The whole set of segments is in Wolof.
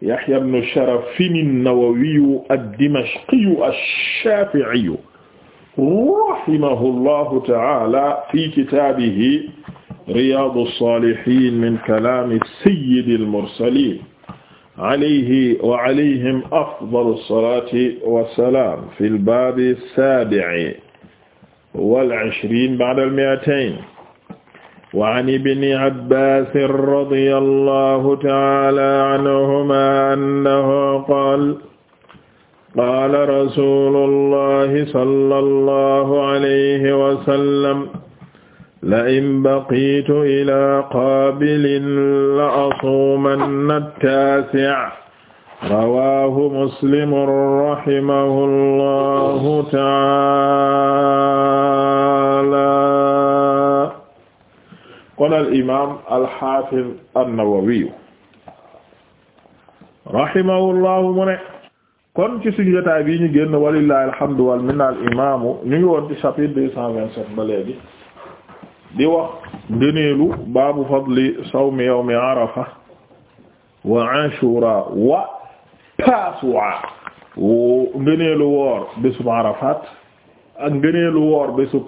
Yahya ibn Sharaf an-Nawawi ad-Dimashqi ash-Shafi'i rahimahullahu ta'ala fi kitaabihi Riyaadu as-Saalihiin min kalaami sayyidil mursaliin alayhi wa alayhim afdalu as-salaati was-salaam fil baabi as-saabi'i wal ishriin ba'da al-mi'atayn وعن ابن عباس رضي الله تعالى عنهما أنه قال قال رسول الله صلى الله عليه وسلم لئن بقيت إلى قابل لأصومن التاسع رواه مسلم رحمه الله تعالى kon al imaam al xaafiz an-Nawawi kon ci suñu jotaay bii ñu génn walillahi alhamdu wal minna al imaamu ñu ci chapitre deux cent vingt-sept di wax ngëneelu baabu fadli sawmi yawmi arafa wa ashura wa paswa ngëneelu woor bésub arafat ak ngëneelu woor bésub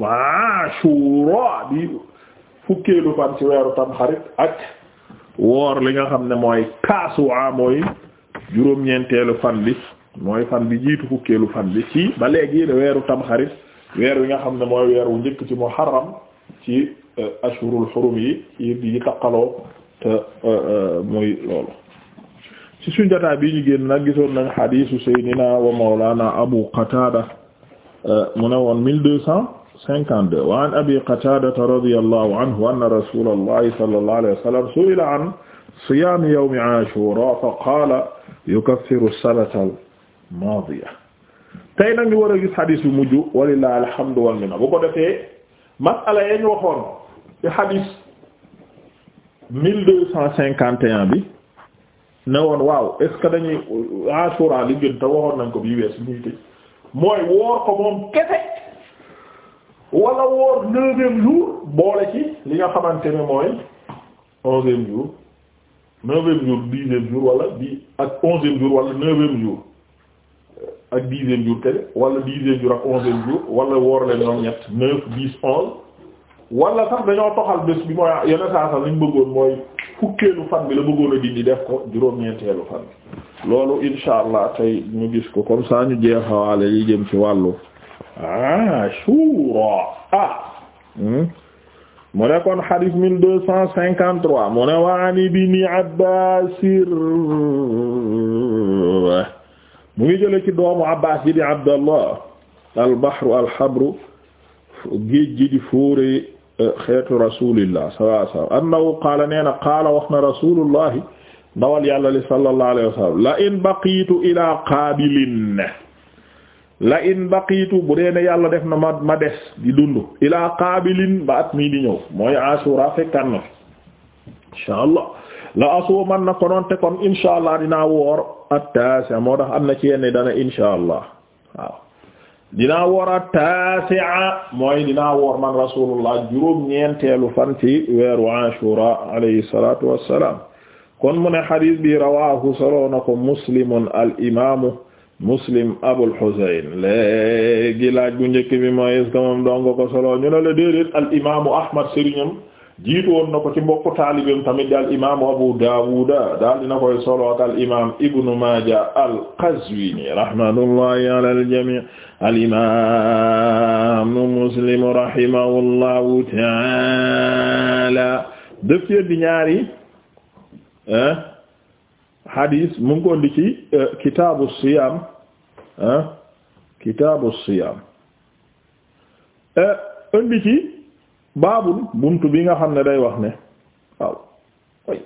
fukkeelu fan ci weeru tamxarit ak woor li nga xam ne mooy kaasuwaa mooy juróom-ñeenteelu fan bi mooy fan bi jiitu fukkeelu fan bi ci ba léegi weeru tamxarit weer wi nga xam ne mooy weer wu njëkk ci muharram ci euh, ashurul xurum yi yi taqaloo te euh, euh, muy loolu ci suñu jotaay bi ñu génn na gisoon nañ xadiisu Seydina wa Mawlana Abu Qatada mu ne woon mille 52 wa an abi qataadata radiyallahu anhu anna rasulallahi sallallahu alayhi wa sallam su'ila an siyaami yawmi ashura fa qaala yukaffiru sanata al-maadiya tey nag ñu war a gis xadis yu mujj walillahi alhamdu wal minna bu ko defee masala ya ñu waxoon ci xadis bi ne waaw est-ce que dañuy ashura li gën te waxoon nañ ko bii wees bi ñuy mooy woor ko moom wala woor neuvième jour boole ci li nga xamante ne mooy onzième jour neuvième jour dixième jour wala di ak onzième jour wala neuvième jour euh, ak dixième jour kene wala dixième jour ak onzième jour wala woor leen ñoom ñett neuf dix onze wala sax dañoo toxal bés bi mooy yenn saa sax li bëggoon mooy fukkeelu fan bi la bëggoon a dindi def ko juróom-ñeenteelu fan bi loolu insha allah tey ñu gis ko comme ça ñu jeexawaale yi jëm ci wàllu ashura ah, ah. Hmm? mu ne kon hadith mille deux cent cinquante trois mu ne waan ibni abbasir mu ngi jële ci doomu abbas ji di abdallah albahru alhabru géej ji di fóore eh, xeetu rasulillah sallallahu alayhi wa sallam annahu qaala nee na qaala wax na rasulullahi ndawal yàlla li sallallahu alayhi wa sallam la in baqiitu ila qaabilin la in baqiitu bu dee ne yàlla def na ma ma des di dund ilaa qaabilin ba mii di ñëw mooy ashura fekkan na fi insha la asoo man kon insha allah dinaa woor at na ci yenn dana insha mooy dinaa woor man rasulullah juróom ñeenteelu fan ci weeru ashura alayhi wassalaam kon mu ne bi rawaahu solo na al imaamu muslim abul husayn léegi laaj bu njëkk bi mooy est-ce que moom donga ko solo ñu ne la déedéet al imaamu ahmad sëriñam jiitu woon na ci mbokku taalibam tamit di al imaamu abu daawuda daal dina koy solo ak al imaam maaja al qazwini rahmatullahi al jamii muslim rahimahullahu taala def di ñaari eh, hadis mu ngi ko di ci eh, kitaabu siyaam ah kitaabu siyaam eh, indi ci baabul buntu bi nga xam ne day wax ne waaw ay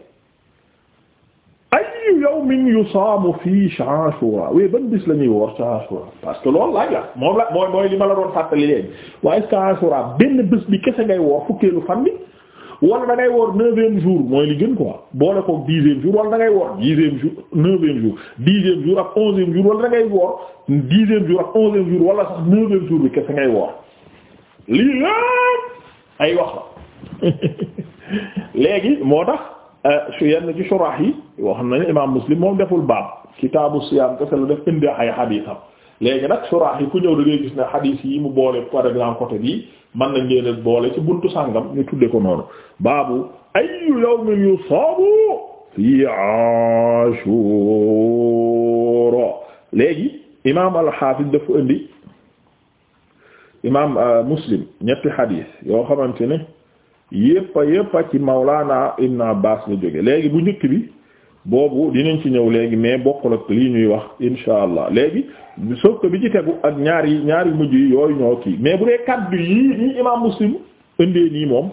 ayyu yawmin yusaamu fii ashura wéy ban bis la ñuy woor ca ashura parce que loolu laaj la moom la mooy li ma la doon fàttali léegi waaye ca ashura benn bés bi kese ngay woor fukkeelu fan bi wala dangay ngay woor neuvième jour mooy li gën quoi boole koog dixième jour wala da ngay woor dixième jour neuvième jour dixième jour ak onzième jour wala da ngay woor dixième jour ak onzième jour wala sax jour bi kese ngay woor lii la ay wax la léegi moo tax euh, su yenn ci surah yi wax nañu imam muslim moom deful baab kitaabu siyaam kese la def indi ay xadiisam léegi nag suraax yi ku ñëw da gis ne xadiis yi mu boole par exemple côté bi mën nañ leen a boole ci buntu sàngam ñu tudde ko noonu baabu ayyu yawmin yusaabu fii ashura léegi imaam al-Hafiz dafa indi imaam euh, Muslim ñetti xadiis yoo xamante ne yépp a yépp ci Mawlaana Ibn Abbaas la jóge léegi bu njëkk bi boobu dinañ ci ñëw léegi mais bokkul ak lii ñuy wax insha allah léegi sauf que bi ci tegu ak ñaari ñaari mujj yi yooyu ñoo kii mais bu dee kaddu yii nii imaam muslim indee nii moom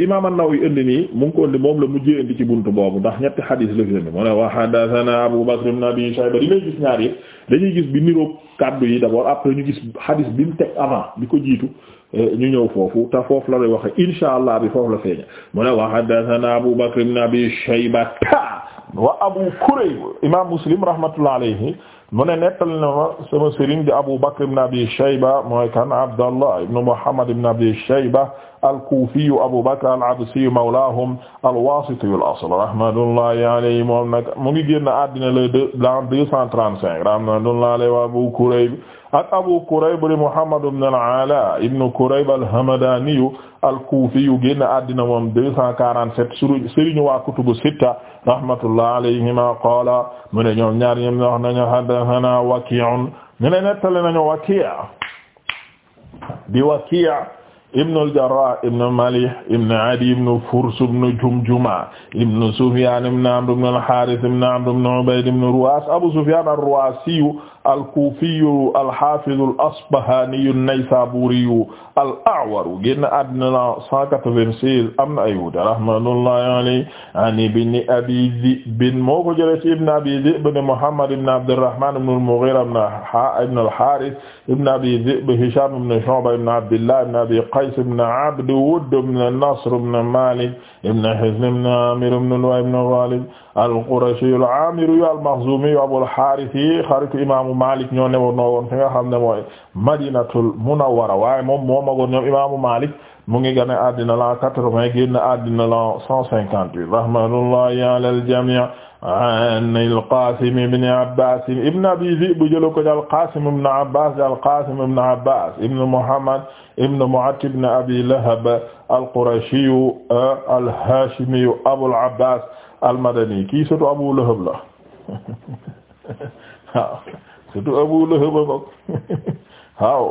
imaam an-Nawawi indi nii mu ngi ko indi moom la mujjee indi ci bunt boobu ndax ñetti xadiis la fi indi mu ne wa Abu Bakr ibn Abi Shayba dinañ ñaar yëpp dañuy gis bi niroog kaddu yi d'abord après ñu gis xadiis bi mu ko jiitu euh, ñu ñëw foofu te foofu la lay waxe allah bi foofu wa haddathana wa Abu Kurayb imaam Muslim rahmatullah alayhi mu ne nettali na ma sama sëriñ di Abu Bakr ibn Abi Shayba mooy kan Abdallah ibn Muhammad ibn Abi Shayba al-Kufi Abu Bakr al-Absi mawlaahum al-Wasiti al-asl rahmatullahi alayhi moom nag mu ngi génn àddina le deux l'an deux cent trente-cinq rahmatullahi alayhi wa Abu Kurayb ak Abu Kurayb di Muhammad ibn al-Ala ibn Kurayb al-Hamadani al-Kufi yu génn àddina moom 247 suru sëriñu waa kutubu sitta rahmatullah alayhima qaala mu ne ñoom ñaar ñoom wax nañu haddathana Waki'un ñu ne nettali nañu Waki' di Waki' ibn al-Jarrah ibn Malih ibn Adi ibn Furs ibn Jumjuma ibn Sufyan ibn Amr ibn al-Harith ibn Amr ibn Ubayd ibn Ruwas Abu Sufyan ar-Ruwasi al-Kufiyu al-Hafizu al-Asbahaniyu an-Naysaburiyu al-A'waru génn àddina la 186 am na ay wuute rahmatullahi alayhi an ibn Abi Dhi'b moo ko jëlee ci ibn Abi Dhi'b ibn Muhammad ibn Abdurrahman ibn al-Mughira ibn al-Harith ibn Abi Dhi'b Hisham ibn Shu'ba ibn Abdillah ibn Abi Qays ibn Abd Wudd ibn Nasr ibn Malik ibn Hizn ibn Amir ibn Lu'ay ibn Ghalib al-Qurashi al-Amiri yu al-Makhzumi yu Abul Harith yi xaritu imaamu Malik ñoo newoon noo woon fi nga xam ne mooy Madinatul Munawwara waaye moom moo magoon ñoom imaamu Malik mu ngi gane àddina la 80 génn àddina la 158 rahmatullahi ala al-jami' an al-Qasim ibn Abbas ibn Abi Dhi'b bu jël ko al-Qasim ibn Abbas al-Qasim ibn Abbas ibn Muhammad ibn Mu'att ibn Abi Lahab al-Qurashi al-Hashimi Abul Abbas almadani kii surtout Abu Lahab la waaw surtout Abu Lahab a bokk waaw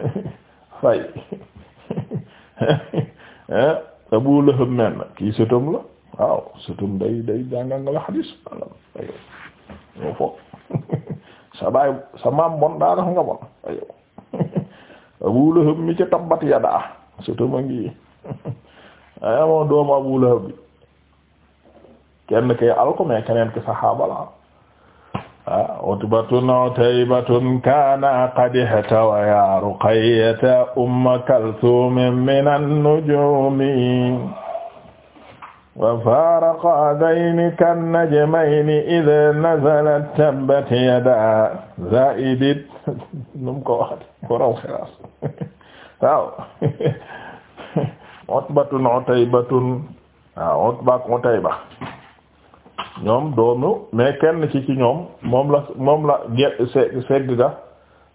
fay eh, Abu Lahab men kii sëtam la waaw sëtam day day jàngal nga la xadiis walla ayoo ñoo sa baay sa maam bon daa tax nga bon ayoo Abu Lahab mi ci tabbat yadaa sëtam a ngi amoo doomu Abu Lahab kenn kay alko mais keneen ki saxaaba la ah utbatun utaybatun kana qad ihtawa ya ruqayyata umma kalthum min an-nujumi wa faraqa dhayni kan najmayni idha nazalat tabbat yada zaidit num ko waxat borom xilaas waaw utbatun utaybatun waaw ah, utba utayba ñoom doomu mais kenn ci ci ñoom moom la moom la ge- segg ga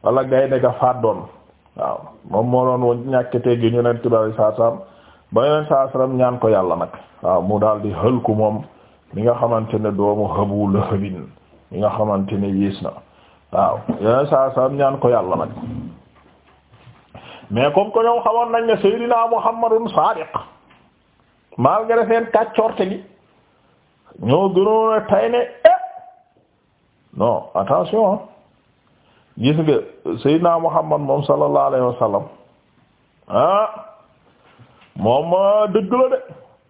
wala gaynde ga faat doon waaw moom moo doon woon ñàkk teggi ñu neen tibari saasaam ba ñu ñaan ko yàlla nag mu daal di moom mi nga xamante ne doomu hëbu la hëbin nga xamante ne yiis na waaw ñaan ko yàlla nag mais comme ko ñoom xamoon nañ ne Seydina Muhammadun Saadiq malgré seen kàccoorte gi ñoo gënoon a tay ne eh non attention gis nga Seydina Muhammad moom sallallahu alayhi wa sallam ah moom dëgg la de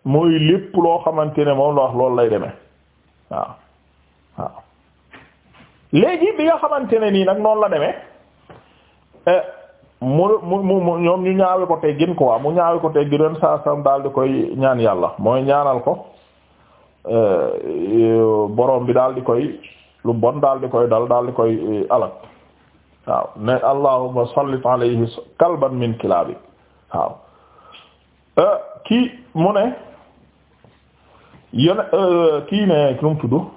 mooy lépp loo xamante ne moom la wax loolu lay deme waaw waaw léegi bi nga xamante ne nii nag noonu la demee eh, mu mu mu ñoom ñu ñaawe ko teggin quoi mu ñaawe ko teggin ren saa sam daal di koy ñaan yàlla mooy ñaanal ko Eh, eh, boroom bi daal di koy lu bon daal di koy dal daal di koy eh, alak waaw ne allahumma sallit alayhi kalban min kilaabi waaw kii mu ne yone kii ne nu mu tudd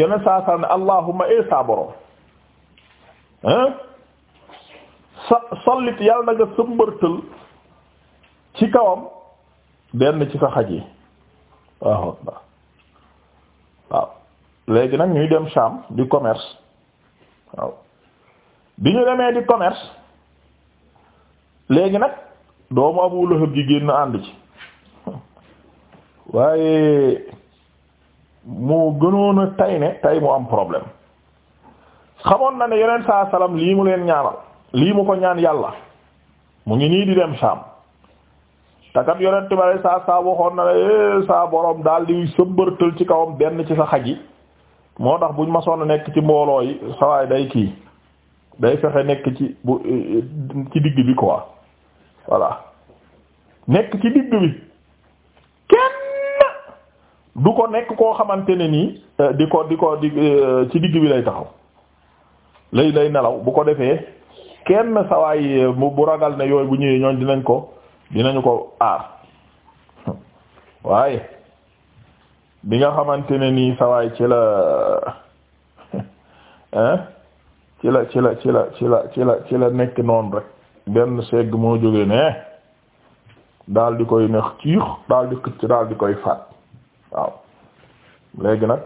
yone saa ne allahumma ee saa borom sa sallit yàlla na nga sëmbërtël ci kawam benn ci sa xaj yi waaw léegi nag ñuy dem Sham di commerce waaw bi ñu demee di commerce léegi nag doomu Abu Lahab ji génn ànd ci waaye moo gënoon a tay ne tay mu am problème xamoon na ne yeneen saa salaam lii mu leen ñaanal lii mu ko ñaan yàlla mu ngi nii di dem Sham takat yonent bari saa saa waxoon na ne eh, saa borom daal di sëmbërtal ci kawam benn ci sa xaj yi moo tax buñ ma sonn nekk ci mbooloo yi sawaay day kii day fexe nekk ci bu eh, ci digg bi quoi voilà nekk ci digg bi kenn du ko nekk koo xamante ne nii eh, di ko di ko di ci digg bi lay taxaw lay lay nelaw bu ko defee kenn sawaay bu ragal ne yooy bu ñëwee ñooñ dinañ ko dinañu ko aar waaye bi nga xamante ne nii sawaay ci la ci la ci la ci la ci la ci la ci la nekk noonu rek benn segg moo jóge ne daal di koy neex ciix daal di koy faat waaw léegi nag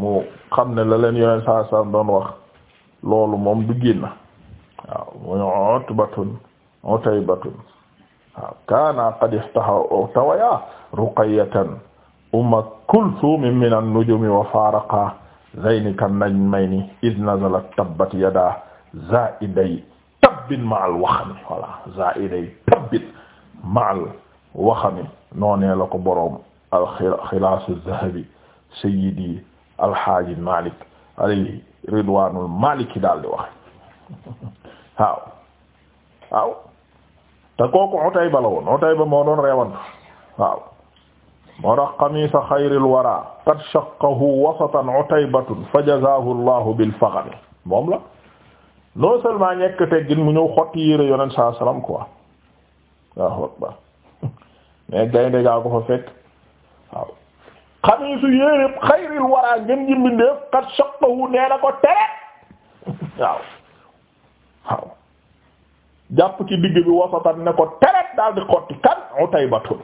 mu xam ne la leen yoneen saa saa doon wax loolu moom du génn waaw muy ot batun otay batun waaw kaana qad ihtawaya ruqayatan umma kulthum min an-nujumi wa faraqa zayni kan najmayni id nazalat tabbat yada za'iday tabbin ma'al waxami wala za'iday tabbin ma'al waxami noonee la ko boroom alxilaasu zahabi sayyidi alxaaji malik alayhi ridwaanul maliki daal di wax waaw waaw te kooku Utayba la woon Utayba moo doon reewan waaw moo tax xamiisa xayril waraa qad shaqqahu wasatan Utaybatun fa jazaahu Allahu bil faxami moom la non seulement ñekk teggin mu ñëw xotti yére yonent saa salaam quoi waaw akbar gaynde gaa ko fa fekk waaw xamiisu yére xayril waraa ngeen ji mbindeef qad shaqqahu nee ko tere waaw jàpp ki digg bi wasatan ne ko teret daal di xotti kan Utaybatun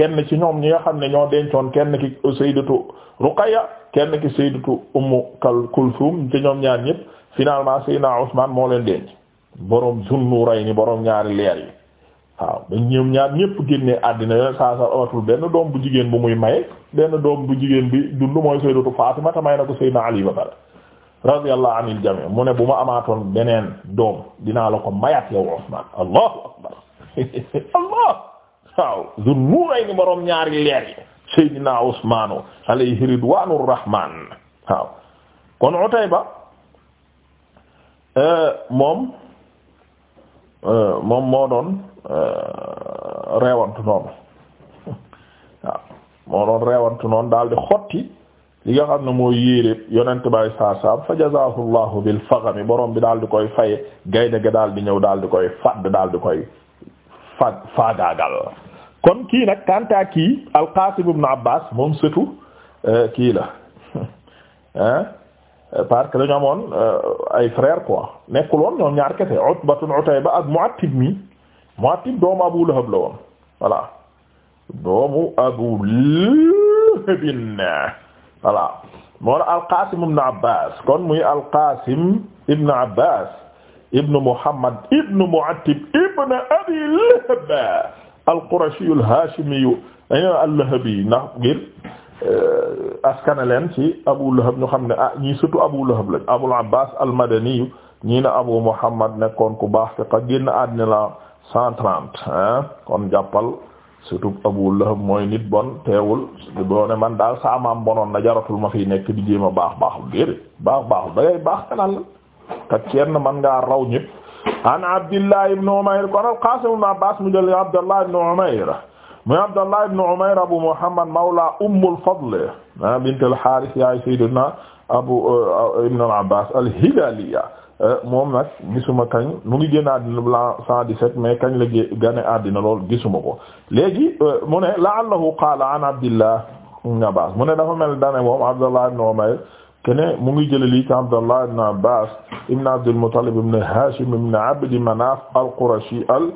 kenn ci ñoom ñi nga xam ne ñoo dencoon kenn ki sayyidatu Ruqayya kenn ki sayyidatu Ummu Kulthum te ñoom ñaar ñëpp finalement Seydina Usman moo leen denc borom Zunnurayni borom ñaari leer yi waaw ba ñoom ñaar ñëpp génnee àddina yooyu saa saa amatul benn doom bu jigéen bu muy maye benn doom bu jigéen bi dund mooy sayyidatu Fatima te may na ko Seydina Ali ba pare radiyallahu anil jami mu ne bu ma amaatoon beneen doom dinaa la ko mayaat yow Usman allahu akbar allah waaw Zul Nuurayni boroom ñaari leer yi Seydina Usmaanu alayhi ridwaanu rahmaan waaw kon Utayba eh, moom eh, moom moo doon eh, reewantu noonu waaw moo doon reewantu noonu daal di xotti li nga xam ne moo yéeréeb yonent bay saasaam fa jazaahu llahu bil faghami borom bi daal di koy fay gaynde ga daal di ñëw daal di koy fadd dal di koy fag faagaagal kon kii nag kantaa kii al-Qaasim ibn Abbaas moom euh, kii la hein parce que dañu amoon euh, ay frère quoi nekkul woon ñoom ñaar kese Utbatun Utayba ak Mu'attib mi Mu'attib doomu Abu Lahab la woon voilà doomu Abu Lahab voilà moo la alqasim ibn abbas kon muy alqasim ibn abbas ibn muhammad ibn mu'attib ibn abi lahab al-qurashi al-hashimi al-lahabi ndax ngir euh, askana leen ci abu lahab ñu xam ne ah ni surtout abu lahab lañ abul abbas al-madani ñii na abu muhammad nekkoon ku baax te xa génn àddina la cent trente kon jàppal surtout Abu Lahab mooy nit bon teewul boo ne man daal saamaam bonoon na jaratul ma fiy nekk di jéem a baax baaxul déedéet baax baaxul da ngay baax kanal te kenn man ngaa raw ñëpp an Abdullah ibn Umayr kon al-Qasim ibn Abbas mu jël Abdullah ibn Umayr muy Abdullah ibn Umayr Abu Muhammad mawla Umm al-Fadl ah, bint al-Harith yaay sayyidina Abu eh, ibn al-Abbas al-Hilaliya Euh, moom nag gisuma kañ mu ngi génn àddina la mais kañ la génn àddina lool gisuma ko léegi euh, mu ne la'allahu qaala an abdillah ibn abbas mu ne dafa mel dane moom abdullah ibn umayr kene mu ngi jële lii ci abdullah ibn abbas ibn abdul muttalib ibn hashim ibn abd manaf al qurashi al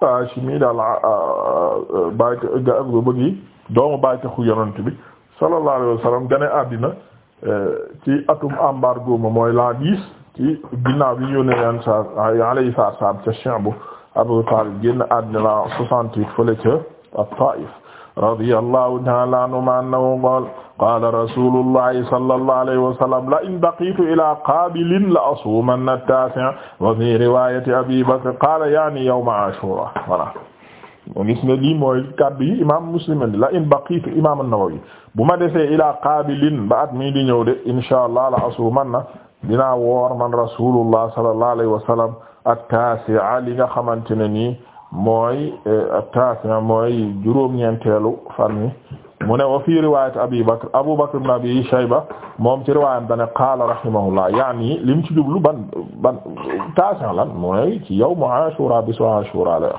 hashimi daal euh, bayka bëggi doomu àddina Euh, ci atum embargo ma mooy la dix ci ginnaaw bi ñu ne leen sa alayhi salaam ca Cheikh Abu Talib génn àddina la soixante-huit fële ca at-Taif radiyallahu ta'ala anhu annahu qaala qaala rasulullahi sallallahu alayhi wa sallam la in baqitu ila qabilin la asuumanna at-taasi' wa fi riwayati abi bakr qaala ya'ni yawma ashura voilà mu gis ne lii mooy kàddu yi imaam muslim la in baqiitu imaam an-Nawawi bu ma defee ilaa qaabilin ba at mii di ñëw de insha allah la asuumanna dinaa woor man rasulullah sallallahu alayhi wa sallam at-taasi'a li nga xamante ne nii mooy eh, at-taasi'a mooy juróom-ñeenteelu fan mi mu ne wa Abi Bakr Abu Bakr ibn Abi Shayba moom ci riwaayam dane qaala rahimahullah yaani lim ci jublu ban ban taasi'a lan mooy ci yawmu ashura bisu ashura la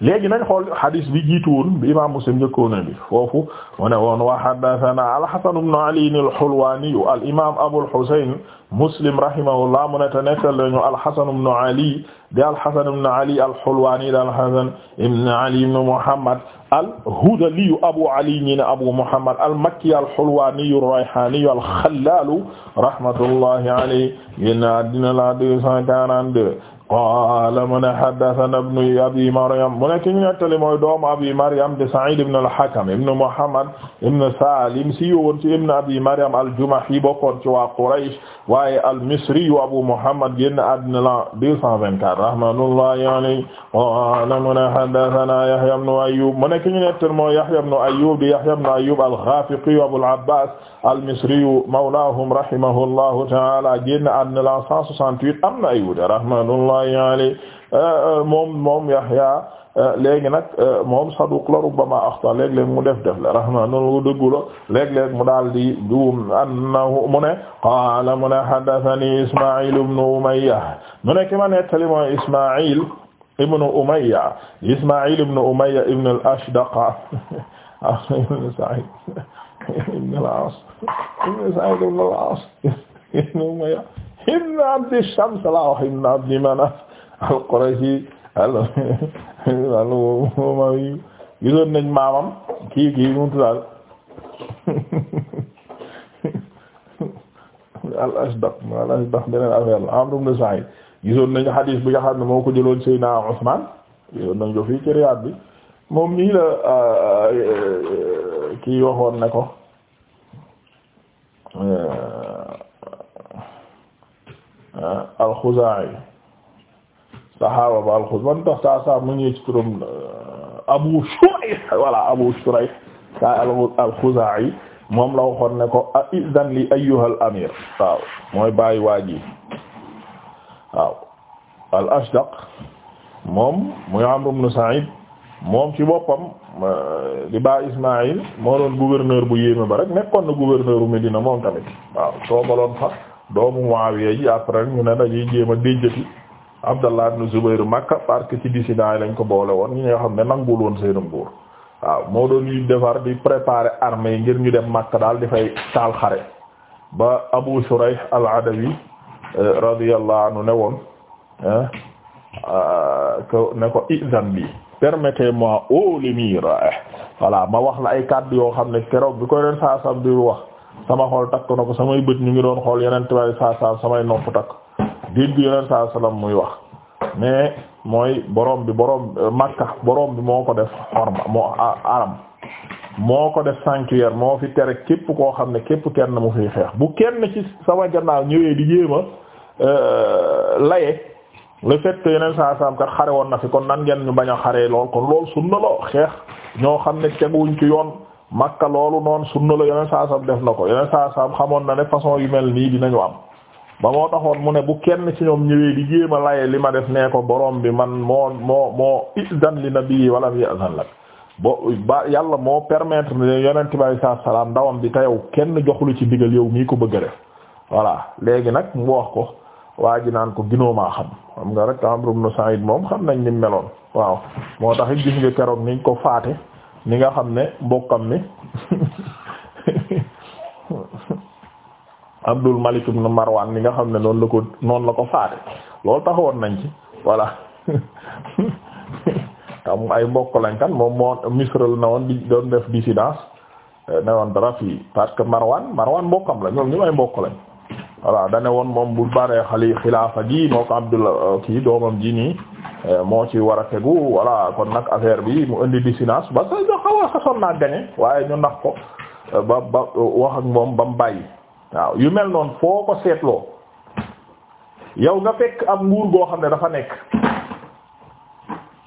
léegi nañ xool hadis bi jiitu woon bi imam Muslim njëkkoona bi foofu mu ne woon wa haddathana al-Hasan ibn Ali al-Hulwani al-imam Abu al-Husayn Muslim rahimahullah mu ne te nekkal lañu al-Hasan ibn Ali di al-Hasan ibn Ali al-Hulwani di al-Hasan ibn Ali ibn Muhammad al-Hudali Abu Ali ñi ne Abu Muhammad al-Makki al-Hulwani ar-Rayhani al-Khallal rahmatullahi alayhi qaala mu ne haddathana ibnu abi maryam mu ne ki ñu nettali mooy doomu abi maryam de Sa'id ibn al-Hakam ibn Muhammad ibn Salim si yowoon ci ibn abi maryam al-Jumahi bokkoon ci waa Quraysh waaye al-Misri yu Abu Muhammad génn àddina la 224 rahmatullahi alayhi qaala mu ne haddathana Yahya ibn Ayyub mu ne ki ñu nettali mooy Yahya ibn Ayyub di Yahya ibn Ayyub al-Ghafiqi Abul Abbas almisriyu mawlaahum rahimahullahu taala génn àddina la 168 am na ay wuute rahmatullahi alayhi moom moom Yahya léegi nag moom saduq la rubbama axta léeg-léeg mu def def la rahmatullahi dëggu la léeg-léeg mu daal di juum annahu mu ne qaala mu ne haddathani Isma'il ibn Umayya mu ne ki ma nettali mooy Isma'il ibn Umayya Isma'il ibn Umayya ibn al-Ashdaqa ibn al-Aas ibn Sa'id ibn al-Aas ibn Umayya ibn la wax ibn Abd Manaf al-Qurashi al-Umayyi gisoon nañ maamam kii kii mu tuddaal al-Ashdaq al-Ashdaq beneen affaire Amr ibn Sa'id gisoon nañu xadiis bi nga xam ne moo ko jëloon Seydina Usmaan gisoon nañ ko fii ci Riyaad moom nii la kii waxoon ne ko euh, alxuzaa'i saxaaba ba alxuzaa'i mu ngi ci turam euh, abu shurayh wala abu shurayh ka alxuzaa'i moom la waxoon ne ko a li ayyuha al amir waaw mooy bàyyi waaji waaw al ashdaq moom muy amr ibn sa'id moom ci boppam euh, di ba Ismaïl moo doon gouverneur bu yéeme ba rek nekkoon na gouverneur u Médina moom tamit waaw toogaloon fa doomu Muawiya ji après ñu ne dañuy jéem a déjjati Abdallah ibn Zubayr Makka parce que ci dissidents yi lañ ko boole woon ñi nga xam ne nangul woon seenu nguur waaw moo doon ñuy defar di préparer armée yi ngir ñu dem Makka daal di fay taal xare ba Abu Shurayh al-Adawi euh, radiyallahu ne woon euh, ne ko izan bi permettez-moi ô oh, l'émir voilà ma wax la ay kàddu yoo xam ne keroog bi koy leen saasam di wax sama xool takk na ko samay bët ñu ngi doon xool yeneen tubaab yi saasam samay nopp takk bi yeneen saasalam muy wax mais mooy boroom bi borom euh, Makka boroom bi moo ko def xorma moo aram moo ko def sanctuaire moo fi tere képp koo xam ne képp kenn mu fiy xeex bu kenn ci sama gannaaw ñëwee di euh, laye le fait que yeneen saa saam kat xare woon na fi kon nan ngeen ñu bañ a xaree lool kon lool sunna loo xeex ñoo xam ne teguwuñ ci yoon makka loolu noonu sunna la yeneen saa saam def na ko yeneen saa saam xamoon na ne façon yu mel nii dinañu am. ba moo taxoon mu ne bu kenn ci ñoom ñëwee liggéey ma a li ma def nee ko boroom bi man moo moo moo izan li nabi wala yazan lak bo ba yàlla moo permetre permettre ne yonent bi alayhi salaam ndawam bi te yow kenn joxulu ci digal yow mii ko bëgg a léegi nag mu ko. waa ji naan ko ginoo maa xam xam nga rek Amr ibn Sa'id moom xam nañ ni meloon waaw moo tax it gis nga keroog niñ ko faate ni nga xam ne mbokkam ni Abdul Malik na Marwan ni nga xam ne noonu la ko noonu la ko faate loolu woon nañ ci voilà tam ay mbokk lañ kan moom moo misral na woon di doon def dissidence eh, ne woon dara fii parce que Marwan Marwan mbokkam la ñoom ñu ay mbokk lañ voilà dane woon moom bu baree xali xilaafa gi moo ko Abdullah kii doomam ji nii eh, moo ci war a tegu voilà kon nag affaire bi mu indi dissidence ba sa jo xaw a naa gane waaye ñu nax ko eh, ba ba wax ak moom ba mu bàyyi waaw yu mel noonu foo ko seetloo yow nga fekk am nguur goo xam ne dafa nekk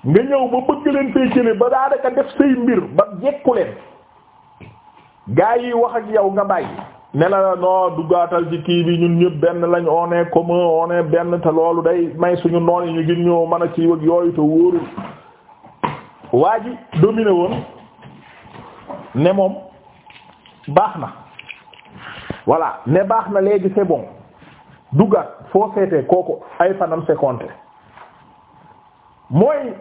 nga ñëw ba bëgg leen fee jëlee ba daanaka def say mbir ba jekku leen gaa yi wax ak yow nga bàyyi ne la noo duggaatal ci kii bi ñun ñëpp benn lañu on est commun on benn te loolu day may suñu noon yi ñu gën ñoo mën a ci wëg yooyu te waa ji dominé woon ne moom baax na voilà ne baax na léegi c'est bon duggaat foo seetee kooku ay fanam c'est compté mooy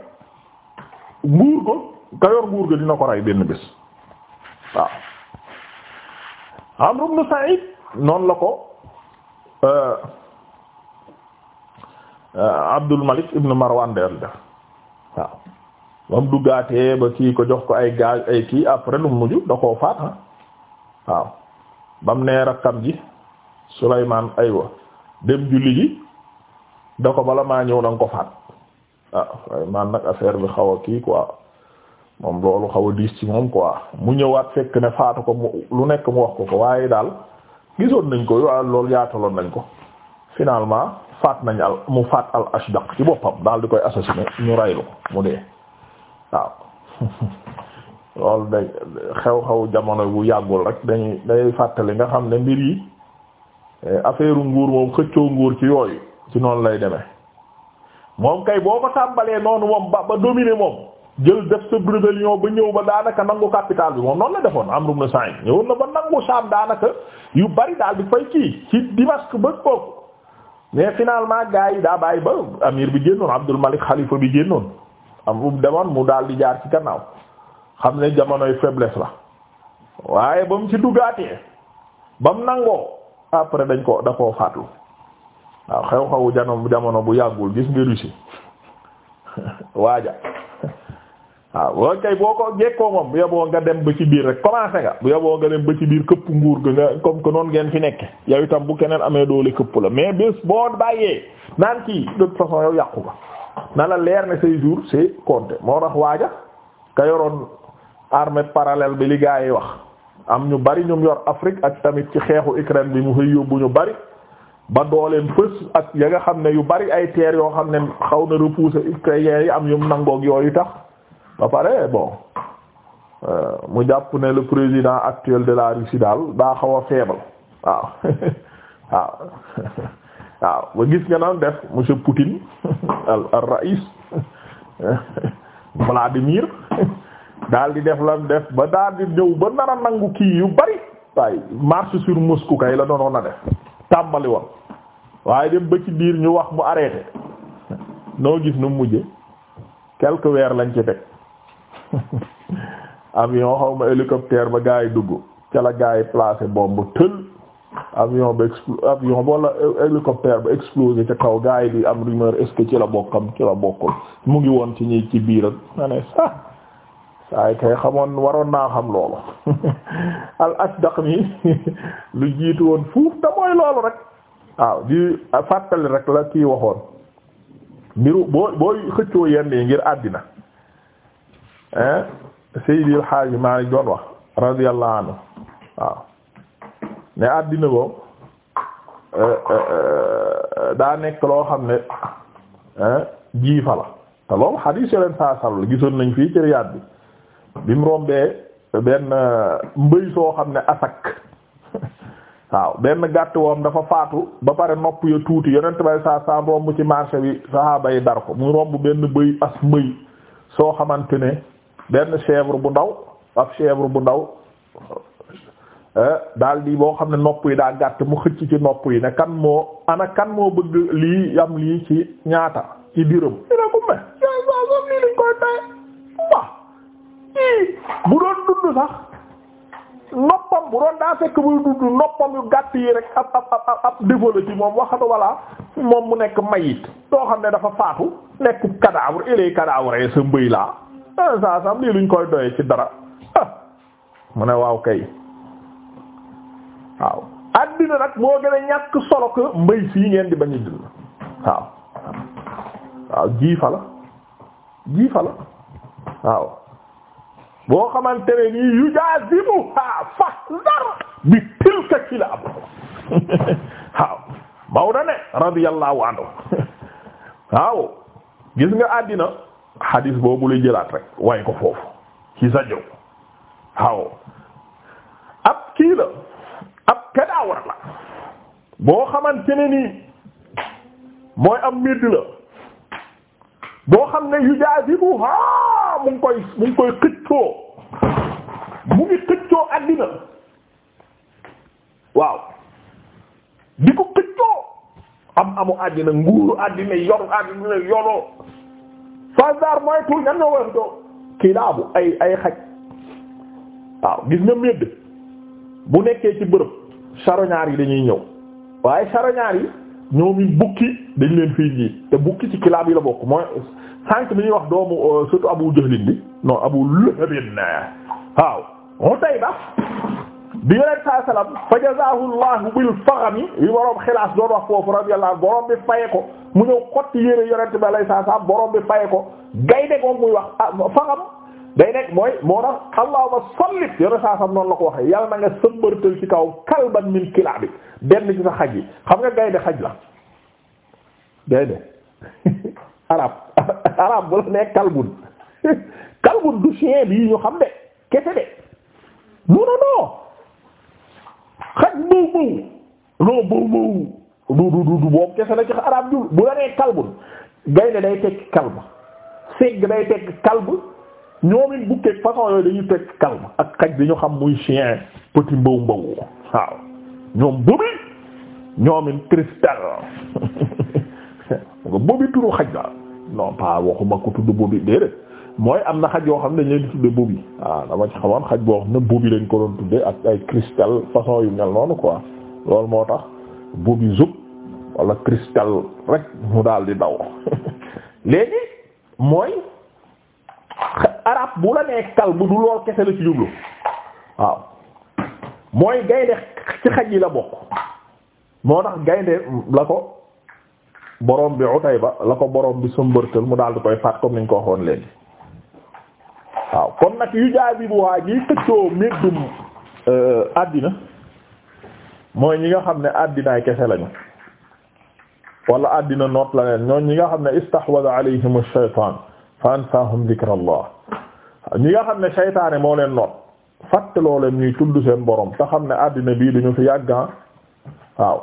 nguur ko ka yor ko dina ko rey benn bés Amr ibn Sa'id noonu la ko euh, euh, Abdul Malik ibn Marwan del waaw moom du gaatee ba kii ko jox ko ay gaaj ay kii après lu mujj da koo faat ah. waaw bam nee rakkam ji Sulaymaan aywa dem julli ji da ko bala maa ñëw danga ko faat waaw ah, Sulaymaan nag affaire bi xaw a kii quoi moom loolu xaw a diis ci moom quoi mu ñëwaat fekk ne faatu ko mu lu nekk mu wax ko ko waaye daal gisoon nañ ko waaw loolu yaataloon nañ ko finalement faat nañ al mu faat al ashdaq ci boppam daal di koy assassiné ñu raylu ko mu dee waaw loolu day xew-xew jamono bu yàggul rek dañuy day fàttali nga xam ne mbir yi eh, affaire nguur moom xëccoo nguur ci yooyu ci noonu lay deme moom kay boo ko tàmbalee noonu moom ba ba dominé moom. jël def sa rébellion ba ñëw ba daanaka nangu capital bi moom noonu la defoon Amr ibn Sa'id ñëwoon na ba nangu Sham yu bari daal di fay kii ci Dimask ba mais finalement gars yi daa bàyyi ba amir bi génnoon Abdul Malik xalifa bi génnoon am bu demoon mu daal di jaar ci gannaaw xam ne jamonoy faiblesse la waaye ba mu ci duggaatee ba mu nangoo après dañ ko da koo faatlu waaw xew-xewu jamono bu yàggul gis nga Russie waaja waaw loolu kay boo ko jekkoo moom bu yoboo nga dem ba ci biir rek commencé nga nga dem ba ci biir këpp nguur ga nga comme que noonu ngeen fi nekk yow itam bu keneen amee doole këpp la mais bés boo bàyyee naan kii de toute façon yow yàqu nga na la leer ne say jours c'est compté moo tax waaja ka yoroon armée parallèle bi li gaa yi wax am ñu bari ñum yor Afrique ak tamit ci xeexu Ukraine bi mu xëy yóbbu ñu bari ba dooleem fës ak ya nga xam ne yu bari ay terres yoo xam ne xaw na repousser Ukrainiens yi am ñu nangoog yooyu tax ba pare bon euh, mu jàpp ne le président actuel de la Russie daal daa xaw a faible waaw waaw waaw ba gis nga naan def monsieur Poutine al al raïs Vladimir daal di def lan def ba daal di ñëw ba nar a nangu kii yu bari waaye marche sur Moscou kay la doonoon a def tàmbali woon waaye dem ba ci biir ñu wax mu arrêté noo gis nu mujje quelques weer lañ ci teg avion xaw ma hélicoptère ba gaa yi dugg ca la gaa yi placé bombe tël avion ba expl avion wala hélicoptère ba explosé ca kaw gaa yi di am rumeur est-ce ci la bokkam ci la bokkul mu ngi woon ci ñi ci biir ak ne sa saa yi kay xamoon waroon naa xam loolu al asdaq mi lu jiitu woon fuuf da loolu rek waaw di fàttali rek la kii waxoon mbiru boo booy xëccoo yenn yi ngir àddina Seydi El Hadji Malick doon wax radiyallahu anhu waaw ne àddina boobu eh, eh, eh, daa nekk loo xam ne jiifa la te loolu xadiis yo leen saasal la gisoon nañ fii ci Riyaad bi mu rombee benn mbëy soo xam ne asak waaw benn gàtt woom dafa faatu ba pare nopp ya tuuti yonent bay saa saa romb ci marché bi saxaaba yi dar ko mu romb benn bëy as mbëy soo xamante ne benn chèvre bu ndaw ab chèvre bu ndaw euh, daal di boo xam ne nopp yi daa gàtt mu xëcc ci nopp yi ne kan moo ana kan moo bëgg lii am lii ci ñaata ci diram bu doon dund sax noppam bu doon daa fekk buy dund noppam yu gàtt yi rek ab ab ab ab ci moom waxatu walla moom mu nekk mayit doo xam ne dafa faatu nekk cadavre ilay cadavre sa mbëy laa saa ah, sam lii luñ koy doyee ci dara ah. mu ne waaw kay waaw addina nag moo gën a ñàkk solo ko mbay fii ngeen di bañ a waaw jiifa la jiifa la waaw boo xamante ne nii yu jaasimu haa fa ndar bi tilka kilaab waaw Maodo ne radiyallahu anhu waaw gis nga addina xadis boobu lay jëlaat rek way ko foofu ci sa jow ab kii la ab kadaawar la boo xaman ne nii mooy am midd la boo xam ne yu jaasibu haa mu ngi koy mu ngi koy xëccoo mu ngi xëccoo àddina waaw di ko xëccoo am amu àddina nguuru àddina yoru àddina yoroo bazar mooy tuuti ñan ñoo woyof doo kilaabu ay ay xaj waaw gis nga medd bu nekkee ci bërëb sharoñaar yi dañuy ñëw waaye charognard yi ñoom it bukki dañ leen fii ji te bukki ci kilaab yi la bokk mooy sànq bi ñuy wax doomu euh, surtout abu jahlin bi non abu lahabin waaw Utayba bi yonent saa salaam fa bil faghami yi borom xilaas doon wax foofu radiyallahu borom bi faye ko mu ñëw xotti yére yonent ba lay saa salaam bi faye ko gaynde ko muy wax ah fagham day nekk mooy moo tax allahumma sallit yonent saa salaam la ko waxee yàlla na nga ci kaw kalban min kilaabi benn ci sa xam nga gaynde xaj la gaynde arab du chien bi ñu xam de kese de non non xaj bëw bëw non bëw bëw du du du boobu kese la ci arab jul bu la kalbun gaynde day tekki kalb segg day tekki kalb ñoomin bukkeeg façon yooyu dañuy tekki kalb ak xaj bi ñu xam muy chien petit mbaw mbaw waaw ñoom bëbi ñoomin cristal nga bëbi turu xaj la non pas waxuma ko tudd bëbi déedéet mooy am na xaj yoo xam ne dañ leen di tudde bubi waaw dama ci xamoon xaj boo xam ne bubi lañ ko doon tudde ak ay cristal façon yu ñal noonu quoi loolu moo tax bubi zub daal di daw bu la nee kal du lool kese la ci jublu waaw mooy gaynde ci xaj yi la bokk moo tax gaynde la ko borom bi Utayba la ko borom bi sëmbërtal mu daal di koy faat comme niñ ko waxoon leen waaw kon nag yu jaay bi bu waa ñiy xëccoo méddum euh, àddina mooy ñi nga xam ne àddinaay kese lañu wala àddina noot la leen ñoon ñi nga xam ne istahwada alayhim ash-shaytan fa ansahum dhikrallah ñi nga xam ne shaytaane moo leen noot fàttaloo leen ñuy tudd seen borom te xam ne àddina bii duñu fi yàggan ah, waaw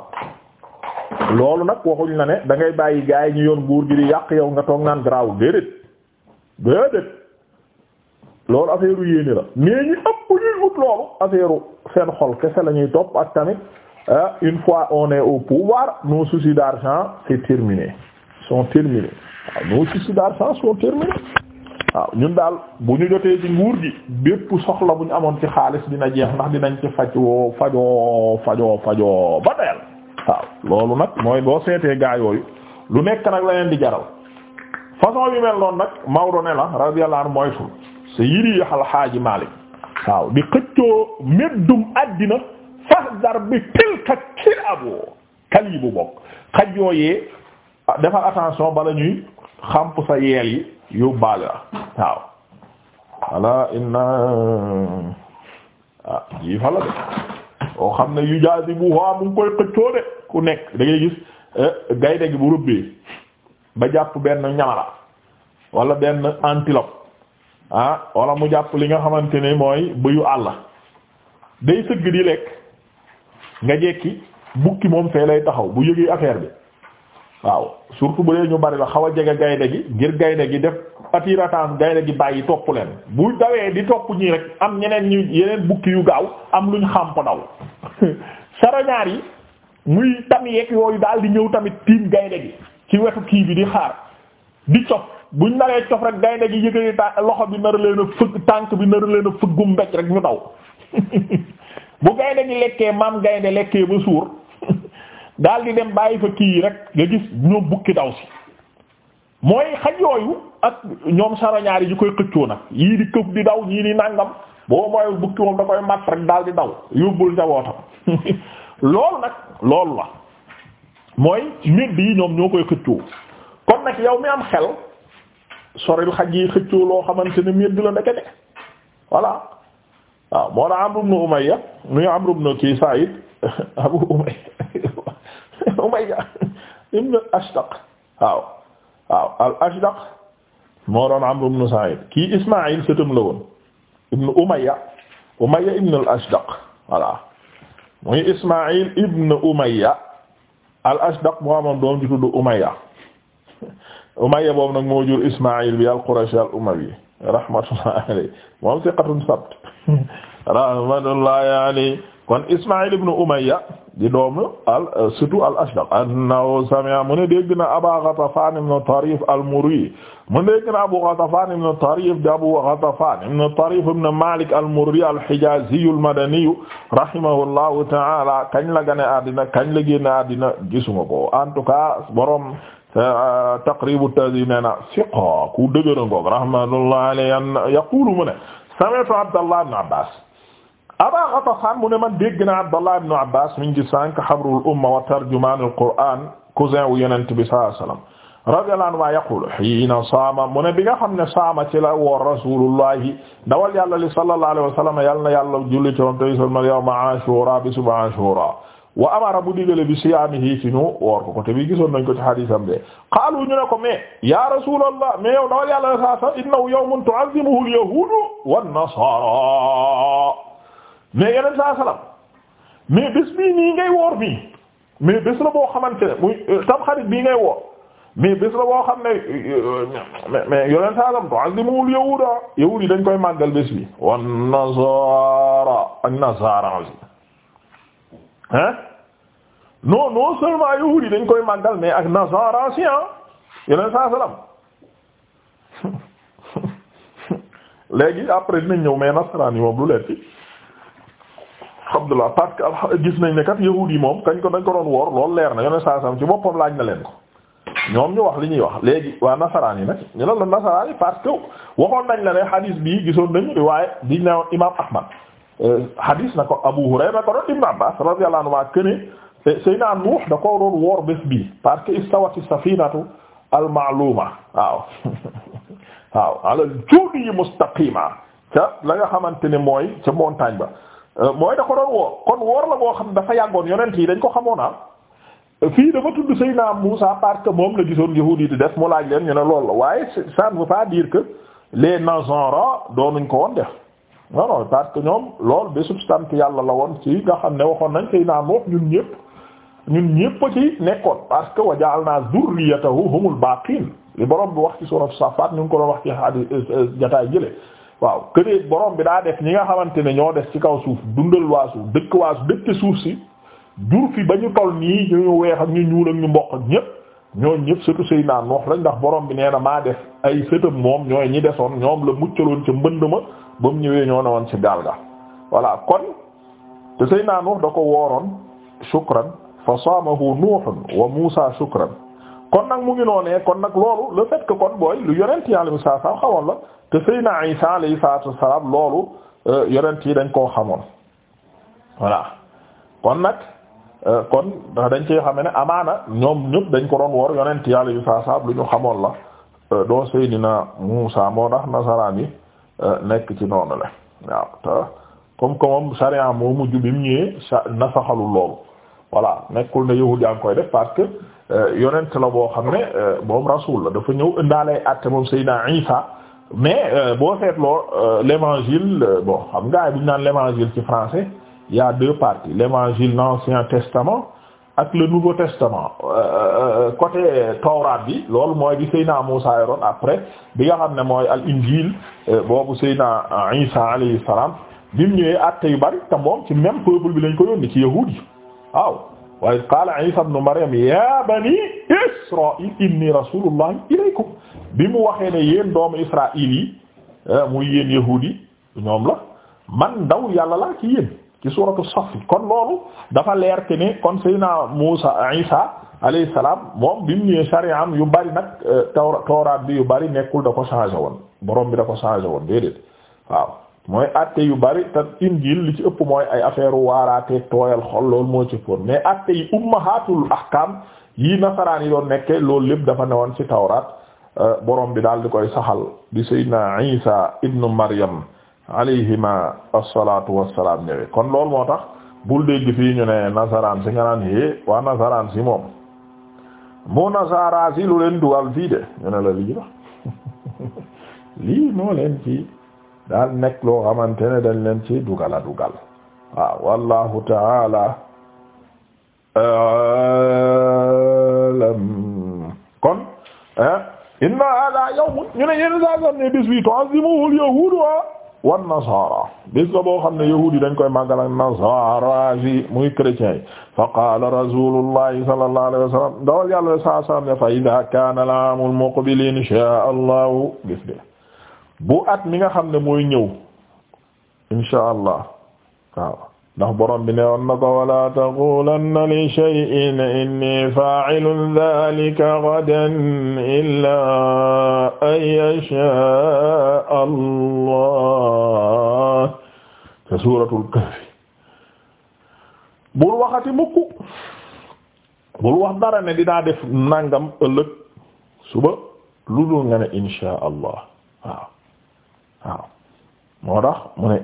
loolu nag waxuñ la ne da ngay bàyyi gaay ñu yoon guur gi di yàq yow nga toog naan garaaw déedéet déedéet loolu affaire u yéene la mais ñu ëpp ñuy ut loolu affaire seen xol kese la ñuy topp ak tamit ah, une fois on est au pouvoir nos soucis d'argent c'est terminé sont terminés waaw ah, nos d'argent sont terminés waaw ah, ñun daal bu ñu jotee ci nguur gi bépp soxla bu amoon ci xaalis dina jeex ndax dinañ ci fajoo fajoo fajoo fajoo ba doyal waaw loolu nag mooy boo seetee gaa yooyu lu nekk nag la leen di jaral façon yu mel noonu nag Maodo ne la radiyallahu sayyidi alxaaji Malik waaw di xëccoo meddum àddina fahdar bi tilka kilaabu kalibu bokk xaj yooyee defal attention bala ñuy xamp sa yeel yi yóbbaale la waaw ala inna ah jii fa la de oo xam ne yu jaasi waa mu ngi koy xëccoo de ku nekk da gis eh, gaynde gi bu rëbbee ba jàpp benn ñamala wala benn antilope ah wala mu jàpp li nga xamante ne mooy bëyu àll day sëgg di lekk nga jekki bukki moom fee lay taxaw bu yëgee affaire bi waaw surtout bu dee ñu bari la xaw a jege gaynde gi ngir gaynde gi def attirance gaynde gi bàyyi topp leen bu dawee di topp ñi rek am ñeneen ñu yeneen bukki yu gaaw am luñ xàmp daw sarañaar yi muy tam yeeg yooyu daal di ñëw tamit tiim gaynde gi ci wetu kii bi di xaar di topp buñ naree cof rek gaynde gi yëgëri ta loxo bi nar leen a fëgg tànk bi nar leen a fëggum mbéj rek ñu daw bu gaynde gi lekkee maam gaynde lekkee ba suur daal di dem bàyyi fa kii yi rek nga gis ñoom bukki daw si mooy xaj yooyu ak ñoom saroñaar yi ñu koy xëccoo nag yii di këf di daw ñii di nàngam boo mooy bukki moom da koy mat rek daal di daw yóbbul njabootam loolu nag loolu la mooy mbir yi ñoom ñoo koy xëccoo kon nag yow mi am xel soril xaj yi xëccoo loo xamante ne mbir la ndeke nekk voilà waaw moo la Amru ibn Umayya nuyu Amru ibn kii Sa'id Abu Umayya Umayya Ashdaq waaw waaw al Ashdaq moo doon Amru ibn Sa'id kii Ismaïl sëtam la woon ibn Umayya Umayya ibn Ashdaq voilà muy Ismaïl ibn Umayya al Ashdaq moo amoon doom ju tudd Umayya boobu nag moo jur Ismaïl bi al-Qurashi al-Umawi rahmatullahi alayhi moom siqatun sabt rahmatullahi alayhi kon Ismaïl ibn Umayya di doomu al surtout al-Ashdaq annahu sami'a mu ne dégg na Aba Ghatafan ibn Tarif al-Murri mu ne dégg na Abu Ghatafan ibn Tarif di Abu Ghatafan ibn Tarif ibn Malik al-Murri al-Hijazi al-Madani rahimahullahu ta'ala kañ la gane àddina kañ la génn àddina gisuma ko en tout cas borom Euh, taqribu tahdib nee na siqa ku dëgëra ngoog rahmatullah alay an yaqulu mu ne sami'tu abdallah ibne abbas aba ghatafan mu ne man dégg na abdallah ibne abbas min gi sànk habrul umma wa tarjuman al qur'an cousin wu yonent bi sallallahu alayhi wasallam radiyallahu anhu wa yaqulu hiina saama mu ne bi nga xam ne saama ci la woor rasulullahi dawal yàlla li sallallahu alayhi wasallam yàlla na yàlla julli coom tey salma yawma ashura bi suba ashura wa amara bu digale bi siyaamihi ci ñu woor ko côté bi gisoon nañ ko ci hadisam de qaalu ñu ne ko mais ya rasulallah mais yow dawal yàlla saa sa innahu yawmun tu'azzimuhu al-yahudu wan-nasara mais yeneen saa salam nii ngay woor nii mais bés la boo xamante ne muy euh, tamxarit bii ngay woor mais bés la boo xam ne euh, mais yeneen saa salam tu'azzimuhu al-yahuda yahudi dañ koy màggal bés bi wan-nasara ak nasara ah non non seulement yahuud yi dañ koy màggal mais ak nasara si ah yeneen saa salaam léegi après dinañ ñëw mais nasaraan yi moom lu leer ci Abdullah parce gis nañ ne kat yahuud yi moom kañ ko dañ ko doon woor loolu leer na yeneen saa salaam ci boppam laaj na leen ko. ñoom ñu wax li ñuy wax léegi waa nasaraan yi nag ñu la la nasaraan yi parce que waxoon nañ la ne hadis bii gison nañu riwaaya di naan imaam Ahmad. hadis na ko Abu Hurayra ko doon Ibn Abbas radiyallahu anhu këne Seydina Nuux da ko doon woor bés bi parce que istawati safinatu al-ma'luma waaw waaw alal juudi mustaqima ca la nga xamante ne mooy ca montagne ba euh, mooy da ko doon woor kon woor la boo xam dafa yàggoon yonent yi dañ ko xamoon ah fii dafa tudd Seydina Muusa parce que moom la gisoon yahuud yi di def mu laaj leen ñu ne loolu la waaye ça ne veut pas dire que les Nasara doonuñ ko woon def non non parce que ñoom lool de substance yàlla la woon si nga xam ne waxoon nañ sëy naa moof ñun ñëpp ñun ñëpp ci nekkoon parce que naa wa ja'alna zurriyatahu humul baqin li borom bi wax ci sourate Safaat ñu ngi ko doon wax ci hadi euh, euh, jataay jële waaw këneet borom bi daa def ñi nga xamante ne ñoo des ci kaw suuf dundal waa dëkk waa suuf dëkk suuf si jur fi ba ñu toll nii ñu weex ak ñu ñuul ak ñu mboq ak ñëpp ñooñ ñëpp surtout sëy naan wax lañ ndax borom bi nee na maa def ay sëtam moom ñooy ñi desoon ñoom la muccaloon ca mbënd ma ba mu ñëwee ñoo ne woon ci gaal ga voilà kon te sëy naa Nuux da ko wooroon shukran fa saamahu nuuhun wa Muusa shukran kon nag mu ngi noonee kon nag loolu le fait que kon booy lu yonent yi alayhi salaam xamoon naa Isa alayhi salaatu wassalaam loolu euh, yonent yi dañ koo xamoon voilà kon nag euh, kon ndax dañ ci xame ne amaana ñoom ñëpp dañ ko doon woor yonent yi alayhi salaam lu ñu xamoon la euh, doo na Muusa moo tax nasaraan yi Euh, nekk ci noonu la waaw te comme que moom sharia moo mujj bi mu ñëwee nasaxalul loolu voilà nekkul na yahuud yaa ngi koy def parce que euh, yonent la boo xam ne euh, moom rasul la dafa ñëw indaalay àtte moom Seydina Isa mais boo seetloo l'évangile bon xam nga bi bu ñu naan l'évangile ci français il y a deux parties l'évangile l'Ancien Testament ak le nouveau testament euh, euh, côté tawraat bi loolu mooy bi Seyna Muusaa yoroon après bi nga xam ne mooy al injil euh, boobu Seyna Isa alayhi salaam bi te moom ci même bi lañ ko yónni ci yahuud yi waaw wa qaala Isa ibnu Maryam ya bi mu waxee ne ñoom la man ndaw yàlla laa ci yéen ci suuratu Saff kon loolu dafa leer ke ne kon Seydina Muusa Isa alayhi salaam moom bi mu ñëwee yu bari nag euh, tawra tawraat bi yu bari nekkul da ko changé woon borom bi da ko changé woon déedéet waaw mooy àtte yu bari te injiil li ci ëpp mooy ay affaire waaraatee tooyal xol loolu moo ci pour mais àtte yi ummahatul ahkaam yi nasaraan yi doon nekke loolu lépp dafa newoon ci tawraat euh, borom bi daal di koy saxal di Seydina Isa ibnu Maryam alayhima asalaatu wassalaam ñëwee kon loolu moo tax bul dégg fii ñu ne nasaraan si nga naan hée waa nasaraan si moom mu nasaraa si lu leen dugal fii de ñu ne la lii la lii moo leen ci daal nekk loo xamante ne dañ leen ci dugala dugal waaw wallahu taala alam kon eh, inna hada yawmun ñu ne yéen saa saa ne bis wi tu'azzimuhu al-yahuud ah. wan nasara bis la boo xam ne yahuudi dañ koy màggal ak nasara yi muy chrétien yi fa qaala rasulullahi sallallahu alayhi wa sallam dawal yàlla saa kaana al muqbil inshaa allahu gis de mi nga xam ne mooy ñëw inshaa allah ndax borom bi ne woon na wala taqulanna li shay'in inni fa'ilun dhalika ghadan illa an yasha Allah te suuratul kahf bul waxati mukk bul wax dara ne dinaa def nangam ëllëg suba lu dul nga ne insha allah mu ne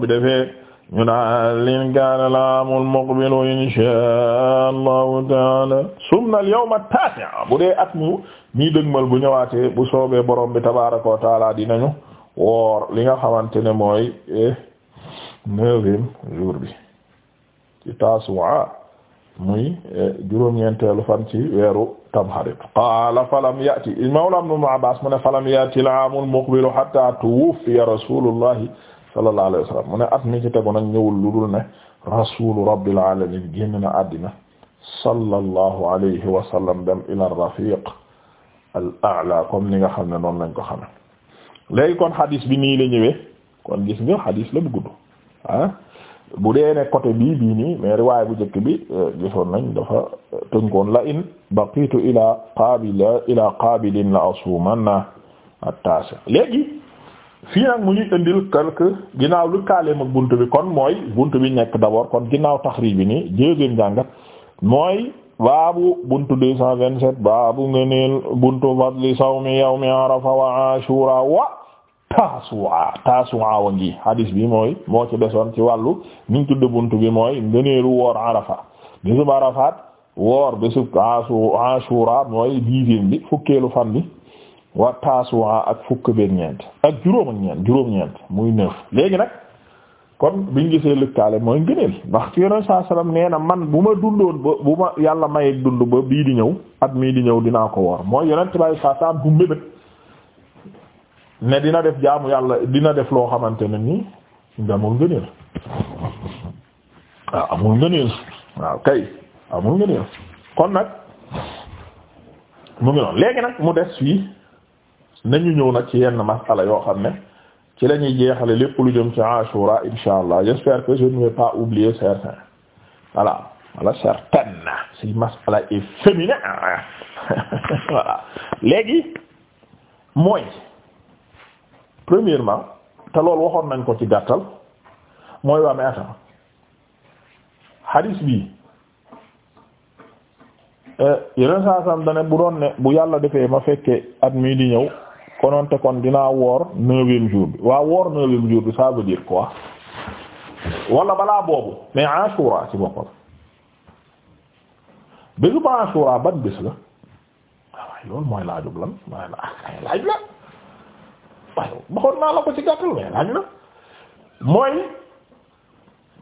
bi defee ñu naan in kaana al-aamul inshaa Allahu taala sumna al-yawma at bu dee at mu ñii dëgmal bu ñëwaatee bu soobee borom bi tabaaraka wa taala woor li nga xamante ne mooy eh, neuvième jour bi ci Tasu'a muy eh, juróom-ñeenteelu fan ci weeru Tamxarit qaala falam ya'ti mawlaa Ibn Abbaas mu ne falam ya'ti al-aamul muqbilu hattaa Rasuulullahi sallallahu alayhi wa sallam mu ne at mi ci tegu nag ñëwul lu dul ne rasulu rabbil alamin génn na àddina sallallahu alayhi wa sallam dem ila rafiq al a'la comme ni nga xam ne noonu lañ ko xame léegi kon hadis bi nii la ñëwee kon gis nga hadis la bu gudd ah bu dee ne côté bii bii nii mais riwaay bu njëkk bi euh, gisoon nañ dafa euh, tënkoon la in baqitu ila qaabila ila qaabilin la asuumanna na taasi léegi fii nag mu ñuy indil quelque ginnaaw lu kaaleem ak bunt bi kon mooy bunt bi nekk d'abord kon ginnaaw taxriij bi nii deuxième jàngat mooy baabu buntu deux cent vingt-sept baabu ngëneel buntu fadli sawmi yawmi wa ashura wa taasuwa wa ngi hadis bi mooy moo ci desoon ci wàllu niñ tudd bunt bi mooy ngëneelu woor arafa bésub arafaat woor en ashura mooy dixième bi fukkeelu fan bi wa taasuwaa ak fukk benn ñeent ak juróom ak ñeent juróom ñeent muy neuf léegi nag kon biñ gisee lëkkaale mooy ngëneel ndax ci yoneen saa salaam nee na man bu ma dundoon ba bu ma yàlla mayee dund ba bii di ñëw at mii di ñëw dinaa ko woor mooy yoneen tibaay saa saa bu mbébét ne dina def jaamu yàlla dina def loo xamante ne nii nga amul ngëneel waaw ah, amul ngëneel waaw kay amul ngëneel kon nag mu ngi noonu léegi nag mu des fii nañu ñëw nag ci yenn masala yoo xam ne ci la ñuy jeexale lépp lu jëm ci Ashura insha allah j'espère que je ne pas oublier certains voilà voilà certaines si masala est féminin voilà léegi mooy premièrement te loolu waxoon nañ ko ci gàttal mooy waa mais attends hadis bi yeneen saa sam dane bu doon ne bu yàlla defee ma fekke at mii di ñëw kononte kon dinaa woor neuvième jour bi waaw woor neuvième jour bi ça veut dire quoi wala balaa boobu mais Ashura ci boppam bésu ba Ashura ban bés la ah, waaye loolu mooy laajub lan mooy laaj la mooy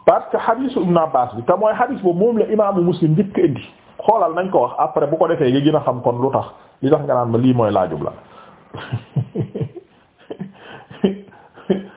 parce que hadisu na Abbas bi te mooy hadis boobu moom la imaamu Muslim njëkk indi xoolal nañ ko wax après bu ko defee nga gën a xam kon lu tax li tax nga naan ma lii mooy laajub la